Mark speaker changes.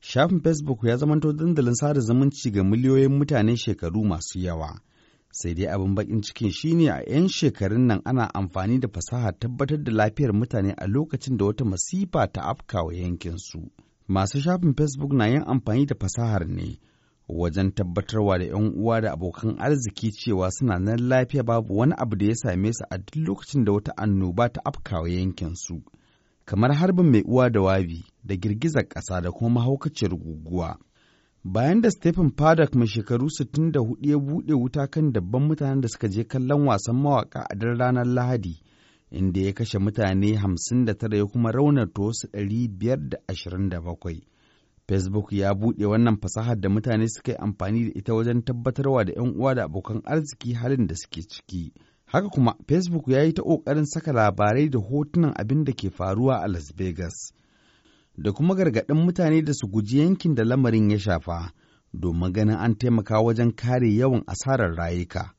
Speaker 1: Shafin Facebook ya zamanto dandalin sada zumunci ga miliyoyin mutane shekaru masu yawa. Sai dai abin bakin cikin shine a 'yan shekarun nan ana amfani da fasaha tabbatar da lafiyar mutane a lokacin da wata masifa ta afkawa yankinsu. Masu shafin Facebook na yin amfani da fasahar ne wajen tabbatarwa da 'yan uwa da abokan arziki cewa suna nan lafiya babu wani abu da ya same su a duk lokacin da wata annoba ta afkawa yankinsu. Kamar harbin mai uwa da wabi. da girgizar ƙasa da kuma mahaukaciyar guguwa. Bayan da Stephen Paddock mai shekaru 64 ya buɗe wuta kan dabban mutanen da suka je kallon wasan mawaƙa a dan ranar Lahadi, inda ya kashe mutane 59 ya kuma raunata wasu 527. Facebook ya buɗe wannan fasahar da mutane suka yi amfani da ita wajen tabbatarwa da 'yan uwa da abokan arziki halin da suke ciki. Haka kuma, Facebook ya yi ta ƙoƙarin saka labarai da hotunan abin da ke faruwa a Las Vegas. da kuma gargaɗin mutane da su guji yankin da lamarin ya shafa domin ganin an taimaka wajen kare yawan asarar
Speaker 2: rayuka.